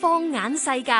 放眼世界，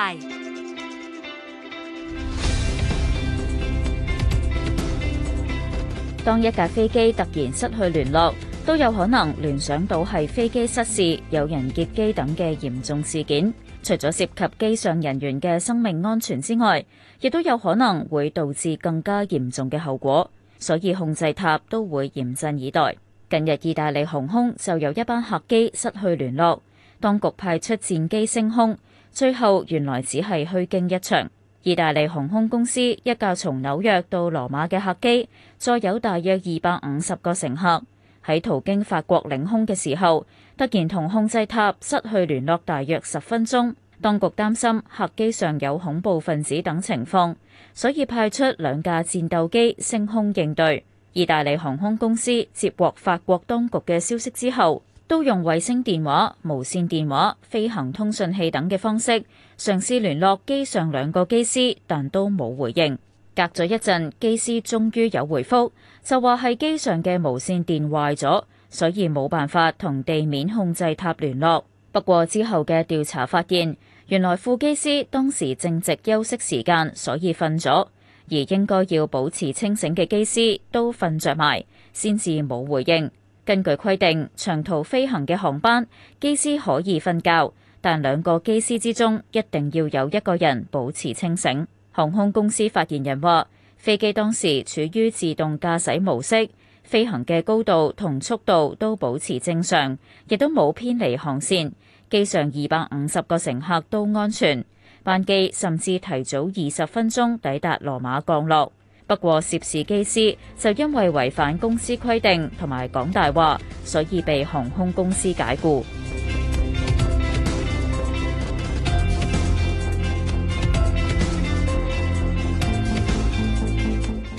當一架飛機突然失去聯絡，都有可能聯想到係飛機失事、有人劫機等嘅嚴重事件。除咗涉及機上人員嘅生命安全之外，亦都有可能會導致更加嚴重嘅後果，所以控制塔都會嚴陣以待。近日，意大利航空就有一班客機失去聯絡，當局派出戰機升空，最後原來只係虛驚一場。意大利航空公司一架從紐約到羅馬嘅客機，載有大約二百五十個乘客，喺途經法國領空嘅時候，突然同控制塔失去聯絡大約十分鐘，當局擔心客機上有恐怖分子等情況，所以派出兩架戰鬥機升空應對。意大利航空公司接獲法國當局嘅消息之後，都用衛星電話、無線電話、飛行通訊器等嘅方式嘗試聯絡機上兩個機師，但都冇回應。隔咗一陣，機師終於有回覆，就話係機上嘅無線電壞咗，所以冇辦法同地面控制塔聯絡。不過之後嘅調查發現，原來副機師當時正值休息時間，所以瞓咗。而應該要保持清醒嘅機師都瞓着埋，先至冇回應。根據規定，長途飛行嘅航班，機師可以瞓覺，但兩個機師之中一定要有一個人保持清醒。航空公司發言人話：飛機當時處於自動駕駛模式，飛行嘅高度同速度都保持正常，亦都冇偏離航線。機上二百五十個乘客都安全。班機甚至提早二十分鐘抵達羅馬降落。不過，涉事機師就因為違反公司規定同埋講大話，所以被航空公司解雇。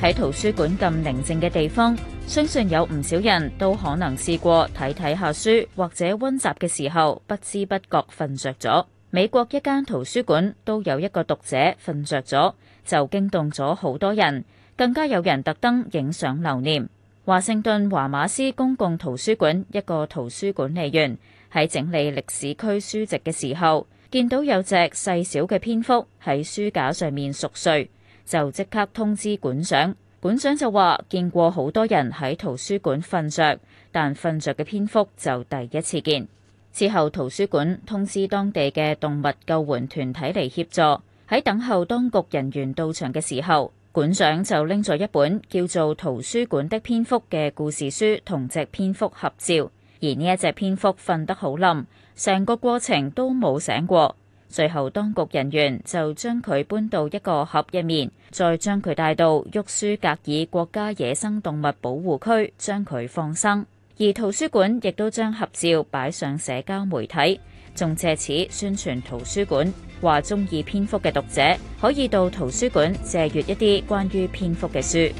喺 圖書館咁寧靜嘅地方，相信有唔少人都可能試過睇睇下書或者温習嘅時候，不知不覺瞓着咗。美國一間圖書館都有一個讀者瞓着咗，就驚動咗好多人，更加有人特登影相留念。華盛頓華馬斯公共圖書館一個圖書管理員喺整理歷史區書籍嘅時候，見到有隻細小嘅蝙蝠喺書架上面熟睡，就即刻通知館長。館長就話：見過好多人喺圖書館瞓着，但瞓着嘅蝙蝠就第一次見。之後，圖書館通知當地嘅動物救援團體嚟協助。喺等候當局人員到場嘅時候，館長就拎咗一本叫做《圖書館的蝙蝠》嘅故事書同隻蝙蝠合照。而呢一隻蝙蝠瞓得好冧，成個過程都冇醒過。最後，當局人員就將佢搬到一個盒入面，再將佢帶到沃舒格爾國家野生動物保護區，將佢放生。而圖書館亦都將合照擺上社交媒體，仲藉此宣傳圖書館，話中意蝙蝠嘅讀者可以到圖書館借閱一啲關於蝙蝠嘅書。